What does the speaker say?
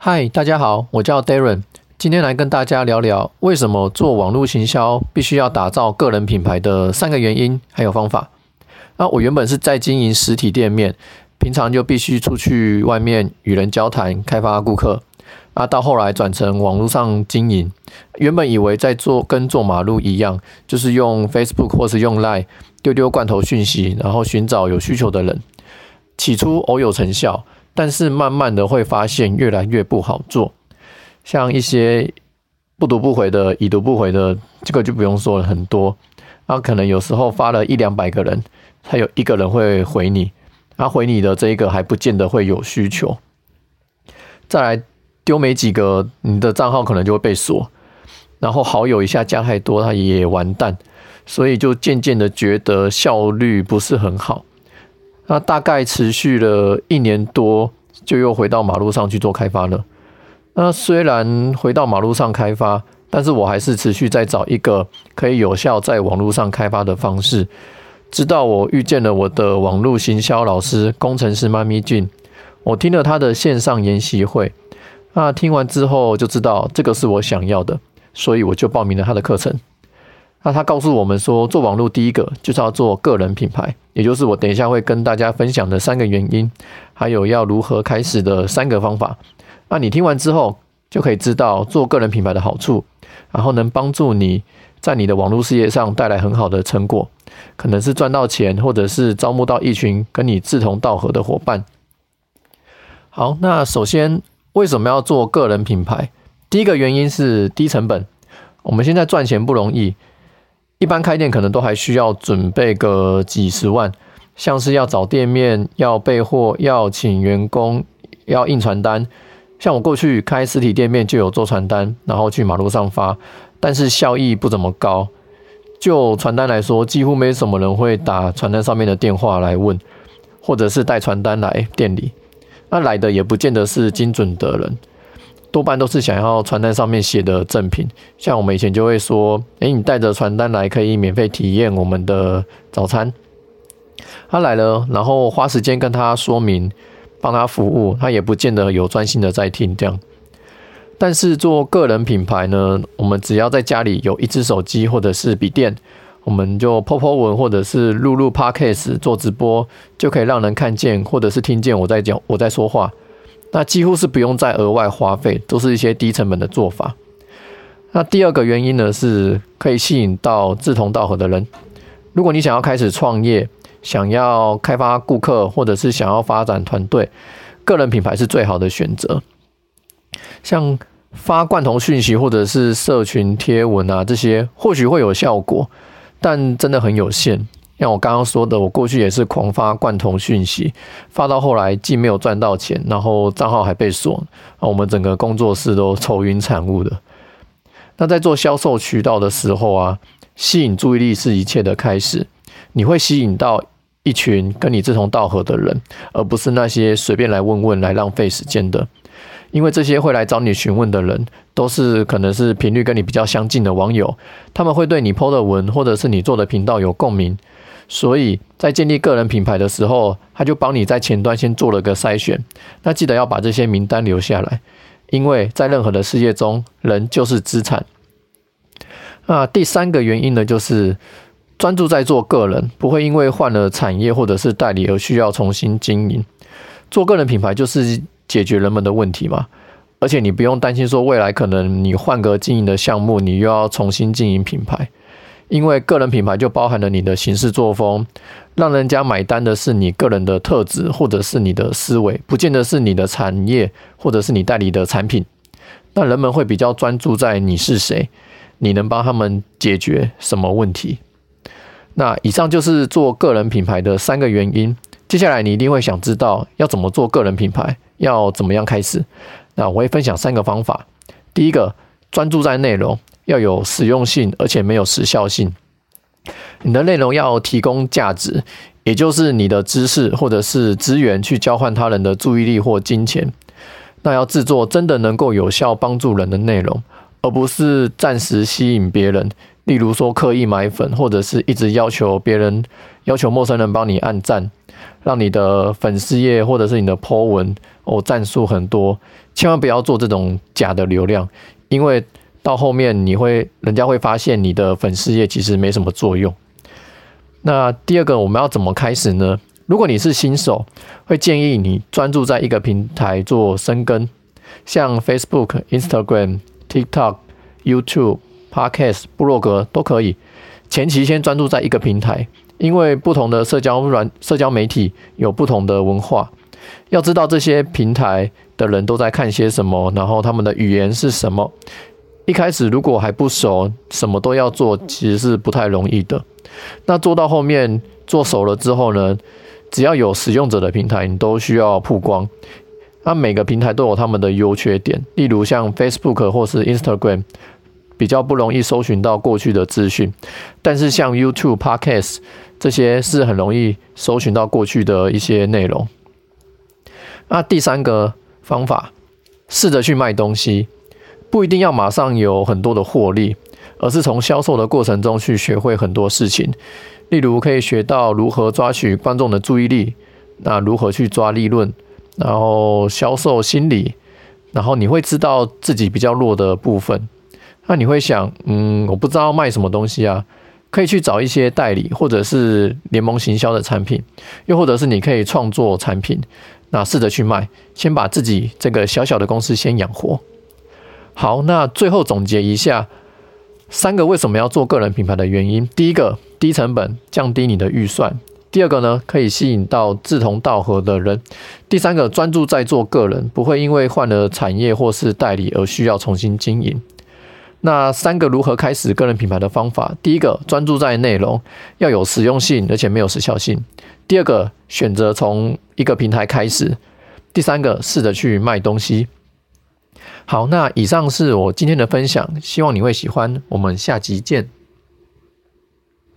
嗨，Hi, 大家好，我叫 Darren，今天來跟大家聊聊為什麼做網路行銷必須要打造個人品牌的三個原因還有方法。那我原本是在經營實體店面，平常就必須出去外面與人交談，開發顧客。啊，到後來轉成網路上經營，原本以為在做跟做馬路一樣，就是用 Facebook 或是用 Line 丟丟罐頭訊息，然後尋找有需求的人。起初偶有成效。但是慢慢的會發現越來越不好做，像一些不讀不回的、已讀不回的，這個就不用說了，很多。他、啊、可能有時候發了一兩百個人，才有一個人會回你，他、啊、回你的這一個還不見得會有需求。再來丟沒幾個，你的賬號可能就會被鎖，然後好友一下加太多，他也完蛋。所以就漸漸的覺得效率不是很好。那大概持續了一年多，就又回到馬路上去做開發了。那雖然回到馬路上開發，但是我還是持續在找一個可以有效在網絡上開發的方式。直到我遇見了我的網絡行銷老師工程師媽咪俊，我聽了他的線上研習會，那聽完之後就知道這個是我想要的，所以我就報名了他的課程。那他告訴我們說，做網絡第一個就是要做個人品牌，也就是我等一下會跟大家分享的三個原因，還有要如何開始的三個方法。那你聽完之後就可以知道做個人品牌的好處，然後能幫助你在你的網絡事業上帶來很好的成果，可能是賺到錢，或者是招募到一群跟你志同道合的夥伴。好，那首先為什麼要做個人品牌？第一個原因是低成本。我們現在賺錢不容易。一般開店可能都還需要準備個幾十萬，像是要找店面、要備貨、要請員工、要印傳單。像我過去開實體店面就有做傳單，然後去馬路上發，但是效益不怎麼高。就傳單來說，幾乎沒什麼人會打傳單上面的電話來問，或者是帶傳單來店裡，那來的也不見得是精準的人。多半都是想要傳單上面寫的贈品，像我們以前就會說：“誒、欸，你帶着傳單來，可以免費體驗我們的早餐。”他來了，然後花時間跟他說明，幫他服務，他也不見得有專心的在聽這樣。但是做個人品牌呢，我們只要在家裡有一支手機或者是筆電，我們就 POPO 文或者是錄錄 Podcast 做直播，就可以讓人看見或者是聽見我在講我在說話。那幾乎是不用再額外花費，都是一些低成本的做法。那第二個原因呢，是可以吸引到志同道合的人。如果你想要開始創業，想要開發顧客，或者是想要發展團隊，個人品牌是最好的選擇。像發罐頭訊息或者是社群貼文啊，這些或許會有效果，但真的很有限。像我剛剛說的，我過去也是狂發罐頭訊息，發到後來既沒有賺到錢，然後賬號還被鎖，啊，我們整個工作室都愁雲慘霧的。那在做銷售渠道的時候啊，吸引注意力是一切的開始。你會吸引到一群跟你志同道合的人，而不是那些隨便來問問、來浪費時間的。因為這些會來找你詢問的人，都是可能是頻率跟你比較相近的網友，他們會對你 PO 的文或者是你做的頻道有共鳴。所以在建立個人品牌的時候，他就幫你在前端先做了個篩選。那記得要把這些名單留下來，因為在任何的世界中，人就是資產。那第三個原因呢，就是專注在做個人，不會因為換了產業或者是代理而需要重新經營。做個人品牌就是解決人們的問題嘛，而且你不用擔心說未來可能你換個經營的項目，你又要重新經營品牌。因為個人品牌就包含了你的行事作風，讓人家買單的是你個人的特質，或者是你的思維，不見得是你的產業，或者是你代理的產品。那人們會比較專注在你是誰，你能幫他們解決什麼問題。那以上就是做個人品牌的三個原因。接下來你一定會想知道要怎麼做個人品牌，要怎麼樣開始。那我會分享三個方法。第一個，專注在內容。要有實用性，而且沒有時效性。你的內容要提供價值，也就是你的知識或者是資源去交換他人的注意力或金錢。那要制作真的能夠有效幫助人的內容，而不是暫時吸引別人。例如說，刻意買粉，或者是一直要求別人、要求陌生人幫你按讚，讓你的粉絲頁或者是你的 po 文哦，讚數很多。千萬不要做這種假的流量，因為。到後面你會，人家會發現你的粉絲頁其實沒什麼作用。那第二個，我們要怎麼開始呢？如果你是新手，會建議你專注在一個平台做深耕，像 Facebook、Instagram、TikTok、YouTube、Podcast、部落格都可以。前期先專注在一個平台，因為不同的社交軟社交媒體有不同的文化，要知道這些平台的人都在看些什麼，然後他們的語言是什麼。一開始如果還不熟，什麼都要做，其實是不太容易的。那做到後面做熟了之後呢，只要有使用者的平台，你都需要曝光。那、啊、每個平台都有他們的優缺點，例如像 Facebook 或是 Instagram，比較不容易搜尋到過去的資訊，但是像 YouTube、Podcast 這些是很容易搜尋到過去的一些內容。那第三個方法，試着去賣東西。不一定要馬上有很多的獲利，而是從銷售的過程中去學會很多事情，例如可以學到如何抓取觀眾的注意力，那如何去抓利潤，然後銷售心理，然後你會知道自己比較弱的部分，那你會想，嗯，我不知道賣什麼東西啊，可以去找一些代理，或者是聯盟行銷的產品，又或者是你可以創作產品，那試着去賣，先把自己這個小小的公司先養活。好，那最後總結一下三個為什麼要做個人品牌的原因：第一個，低成本，降低你的預算；第二個呢，可以吸引到志同道合的人；第三個，專注在做個人，不會因為換了產業或是代理而需要重新經營。那三個如何開始個人品牌的方法：第一個，專注在內容，要有實用性而且沒有時效性；第二個，選擇從一個平台開始；第三個，試着去賣東西。好，那以上是我今天的分享，希望你會喜歡。我們下集見。